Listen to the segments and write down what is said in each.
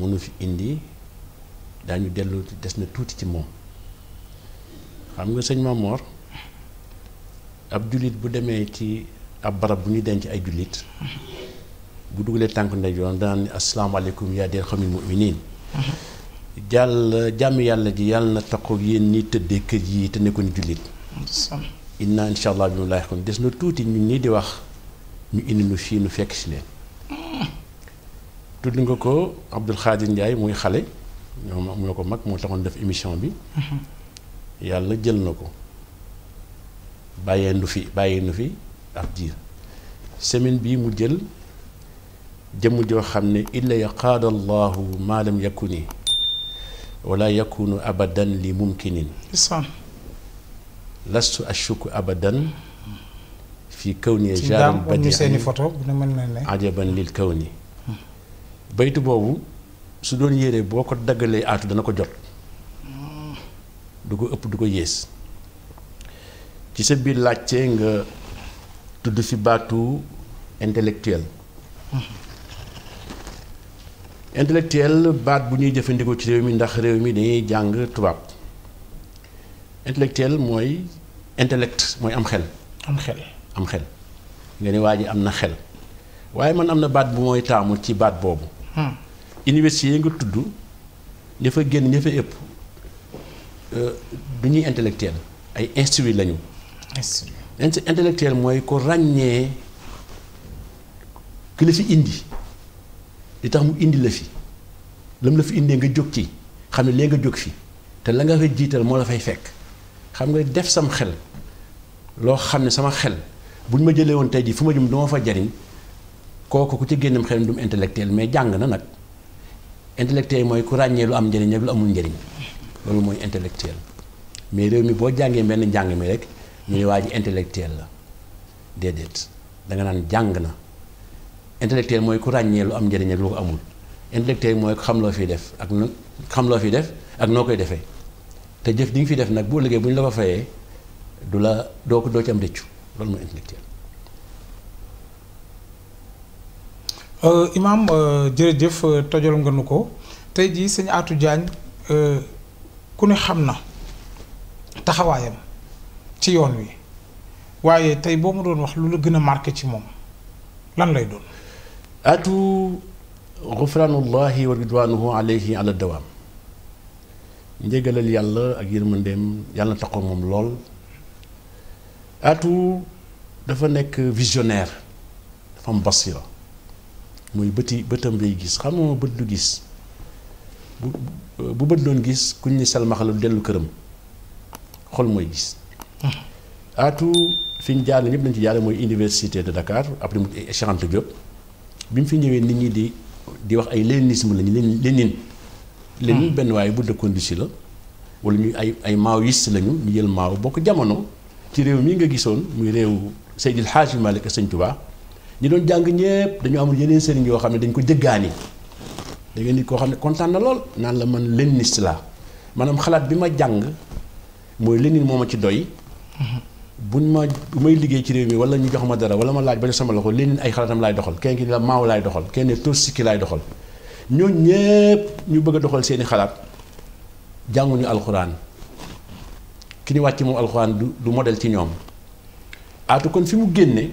mënu fi indi daañu dellu des na tuuti ci moom xam nga sëñ Mamor ab jullit bu demee ci ab barab bu ñuy denc ay jullit bu dugalee tànk ndeyjoor daan asalaamaaleykum yaa deel xamil muminin jàll jàmm yàlla ji yàlla na taxaw yéen ñi tëddee kër yi te nekkoon jullit inna incha allah bi mu laay xam des na tuuti ñun ñii di wax ñu indi nu fii nu fekk si leen tudd nga ko Abdoul Khadir Ndiaye muy xale ñoom ñoo ko mag moo taxoon def émission bi. Mm-hmm. yàlla jël na ko bàyyee fi bàyyee fi ab diir semaine bii mu jël jëmm joo xam ne illa yaqaada allahu maa lam yakuni wala yakunu abadan li mumkinin lastu ashuku abadan fi kawni jaaral badi ajaban lil kawni baytu boobu su doon yére boo ko daggalee aatu dana ko jot du ko ëpp du ko yées ci sa biir laajte nga tudd fi baatu intellectuel intellectuel baat bu ñuy jëfandikoo ci réew mi ndax réew mi dañuy jàng tubaab intellectuel mooy intellect mooy am xel am xel am xel nga ne waa ji am na xel waaye man am na baat bu mooy taamu ci baat boobu Hmm. université yi nga tudd ña fa génn ña fa ëpp euh, du ñuy intellectuel ay instruit lañu. instruit intellectuel mooy ko ràññee ki la fi indi li tax mu indi la fi lam la fi indee nga jóg ci xam ne lee nga jóg fi te la nga fay jiital moo la fay fekk xam nga def sam xel loo xam ne sama xel bu ñu ma jëlee woon tey jii fu ma jëm duma fa jariñ kooku ku ci génnam xelam du mu intellectuel mais jàng na nag intellectuel mooy ku ràññee lu am njëriñ ak lu amul njëriñ loolu mooy intellectuel mais réew mi boo jàngee benn njàng rek ñu ne waa la déedéet da naan jàng na intellectuel mooy ku ràññee lu am njëriñ ak lu ko amul intellectuel mooy xam loo fiy def ak nu xam loo fi def ak noo koy defee te jëf di nga fi def nag boo liggéey bu ñu la ko fayee du la doo ko doo ci am rëccu loolu mooy intellectuel Euh, Imaam euh, jërëjëf euh, tojal nga nu ko tey jii sëñ Atou Diagne ku ne xam na taxawaayam ci yoon wi waaye tey boo ma doon wax lu la gën a marqué ci moom lan lay doon. Atou xufraanullahi wa ridwaanuhu alayhi ala dawaam njëgalal yàlla ak yërmandeem yàlla taxaw moom lool Atou dafa nekk visionnaire dafa am basira mooy bëti bëtam bay gis xam nga bët du gis bu bët doon gis kuñ ni salmaxalu dellu këram xol mooy gis hmm. aatu fi ñu jaarale ñëpp nañ ci jaarale mooy université de dakaar après mu Cheikh Anta Diop bi mu fi ñëwee nit ñi di di wax ay léninisme lañu len hmm. lénine benn waaye bu dëkkoon si la wala ñu ay ay maoïste lañu ñu jël mao bokk jamono ci réew mii nga gisoon muy réew Seydil Hadji Malick Sëñ Touba ñi doon jàng ñëpp dañu amul yeneen sëriñ yoo xam ne dañ ko jëggaani da nit koo xam ne kontaan na lool naan la man léniniste laa maanaam xalaat bi ma jàng mooy Lénine moom ma ci doy buñ ma bu may liggéey ci réew mi wala ñu jox ma dara wala ma laaj ba sama loxo Lénine ay xalaatam laay doxal kenn ki la maaw laay doxal kenn ne Torsiki laay doxal ñooñ ñëpp ñu bëgg a doxal seeni xalaat jànguñu alxuraan ki ñu wàcc moom alxuraan du du modèle ci ñoom aatu kon fi mu génne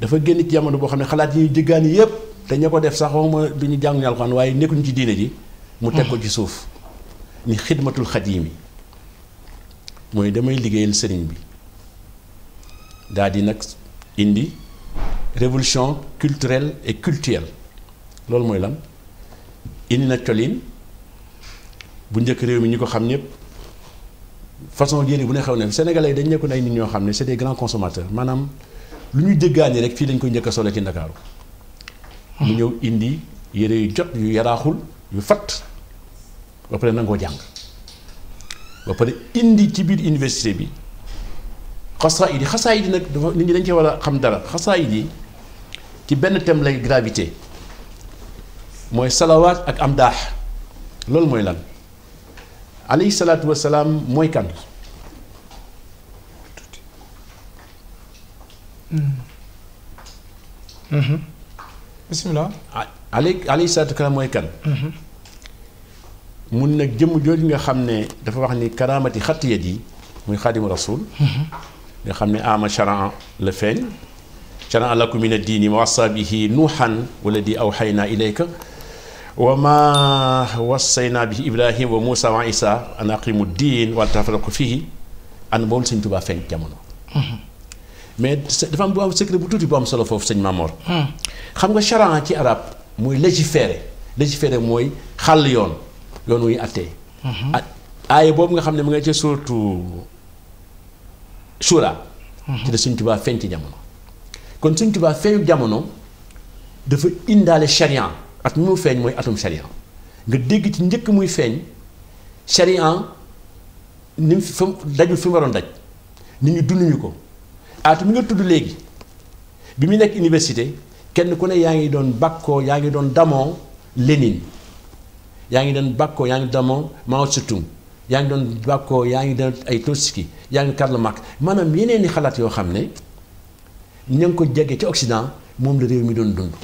dafa génn ci jamono boo xam ne xalaat yi ñuy jëggaani yépp te ko def sax waxuma du ñu jànguñu alxuraan waaye nekkuñu ci diine ji mu teg ko ci suuf ni xidmatul xadiimi mooy damay liggéeyal sëriñ bi daal nag indi révolution culturelle et cultuelle loolu mooy lan indi na colin bu njëkk réew mi ñu ko xam ñëpp façon yére bu ne xew ne Sénégalais yi dañ nekkoon ay nit ñoo xam ne c'est des grands consommateurs maanaam lu ñu jéggaani rek fii dañ koy njëkk sole ci Ndakaaru mu ñëw indi yére yu jot yu yaraaxul yu fat ba pare nangoo jàng ba pare indi ci biir iniwersité bi xasaayid yi xasaayid yi nag dafa nit ñi dañ ci war a xam dara xasaayid yi ci benn thème lay gravité mooy salawaat ak am daax loolu mooy lan alayhi salaatu wasalaam mooy kan Mm-hmm. bisimilah. Ah, Ali alayhi salaatu karaam mooy kan. Mm-hmm. mun nag jëmm jooju nga xam ne dafa wax ni karaamati xatiyat yi muy xaadimu rasul mm-hmm. nga xam ne ama charan la feeñ charan lakum min addiini ma wasa bihi nuuxan wala di awxayna ilayka wa ma wassayna bihi ibrahim wa muusa wa isa an aqimu diin wala tafarraqu fihi an boobu sëñ tubaa feeñ jamono mais dafa am bu am secret bu tuuti bu am solo foofu sëñ Mamor. Hmm. xam nga charan ci arab mooy légiférer légiférer mooy xàll yoon yoon wuy attee. Hmm. ak aaya boobu nga xam ne mu nga ca surtout Shura. Hmm. ci la Sëñ Tuubaa feeñ ci jamono. kon Sëñ Tuubaa feeñu jamono dafa indaale charia at mi mu feeñ mooy atum charia nga dégg ci njëkk muy feeñ charia ni mu fi dajul fi mu waroon daj nit ñu dunduñu ko. aatu mi nga tudd léegi bi mu nekk université kenn ku ne yaa ngi doon bàkkoo yaa ngi doon damoo Lénine yaa ngi doon bàkkoo yaa ngi damoo Mao Tse-tung yaa ngi doon bàkkoo yaa ngi doon ay Trotsky yaa ngi Karl Marx maanaam yeneen i xalaat yoo xam ne ña ngi ko jege ci Occident moom la réew mi doon dund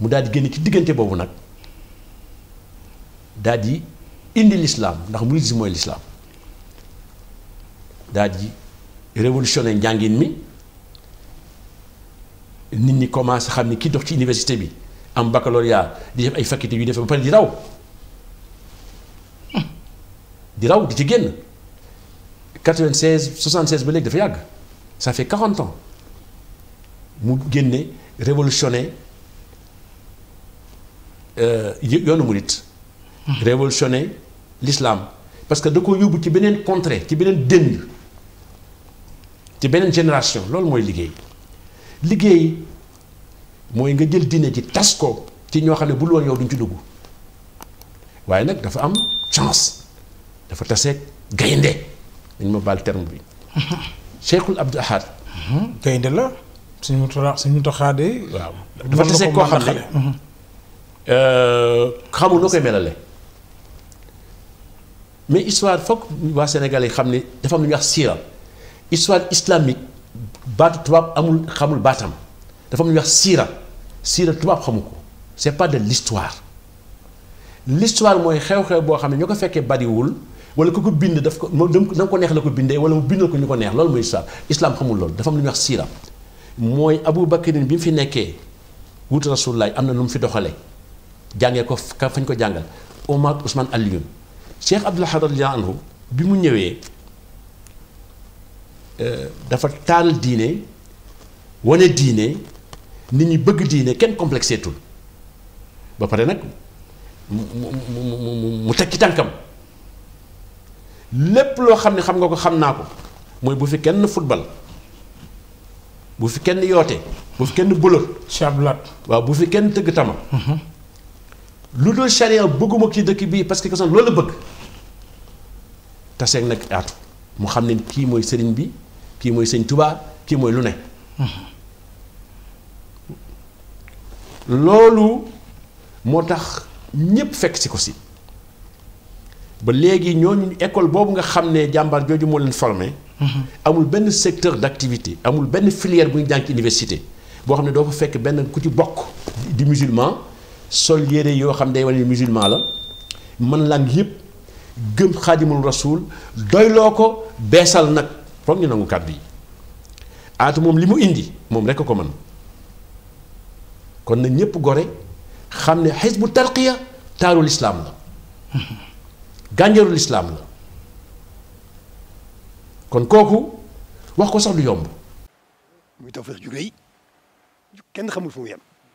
mu daal di génn ci diggante boobu nag daal indi lislaam ndax muridisme mooy lislaam daal révolutionné njàngin mi nit ñi commencé xam ni kii dox ci université bi am baccalauréat di def ay faculté yu defee ba pare di raw di raw di ci génn 96 76 ba léegi dafa yàgg ça fait 40 ans mu génne révolutionné euh, yoonu murit hmm. révolutionné l'islam parce que da ko yóbbu ci beneen contrée ci beneen dënd ci beneen génération loolu mooy liggéey liggéey mooy nga jël diine ji tas ko ci ñoo xam ne bu loolu yow duñ ci dugg waaye nag dafa am chance dafa taseeg gaynde dañ ma terme bi Cheikhul Abdou Ahad mhm. gaynde la suñu suñu toxaadee waaw dafa taseeg koo xam ne euh, xamul noo koy melale mais histoire foog waa Sénégal yi xam ne dafa am lu ñuy wax siiram histoire islamique baatu tubaab amul xamul baatam dafa am ñuy wax siira siira tubaab xamu ko c'est pas de l'histoire l'histoire mooy xew-xew boo xam ne ñoo ko fekkee bariwul wala ku ko bind daf ko moom dam ko neex la ko bindee wala mu bindal ko ñu ko neex loolu mooy histoire islam xamul loolu dafa am lu ñuy wax siira mooy Abu Bakrin bi mu fi nekkee wuute Rasulullah am na nu mu fi doxalee jàngee ko ka fañ ko jàngal Omar Ousmane Alioune Cheikh Abdoul Ahad radiyallahu anhu bi mu ñëwee. Euh, dafa taal diine wane diine nit ñi bëgg diine kenn complexeetul ba pare nag mu mu mu mu teg ci tànkam lépp loo xam ne xam nga ko xam naa ko mooy bu fi kenn football bu fi kenn yoote bu fi kenn bëlot chablat waaw bu fi kenn tëgg tama mhm. lu dul charia bëgguma ci dëkk bii parce que ko son loolu la bëgg taseeg nag aatu mu xam ne kii mooy sëriñ bi kii mooy sëñ Tuubaa kii mooy lu ne loolu moo tax ñépp fekk si ko si ba léegi ñooñu école boobu nga xam ne jàmbaar jooju moo leen formé amul benn secteur d'activité amul benn filière bu ñu jàng université boo xam ne doo fa fekk benn ku ci bokk di musulman sol yére yoo xam day wane musulman la man lang yëpp gëm xaadimul rasul doyloo ko beesal nag foog ñu nangu kàddu yi aatu moom li mu indi moom rekk ko man kon na ñépp gore xam ne xisbu tarqiya taaru lislaam la gànjaru lislaam la kon kooku wax ko sax yomb muy tawfeex ju kenn xamul fu mu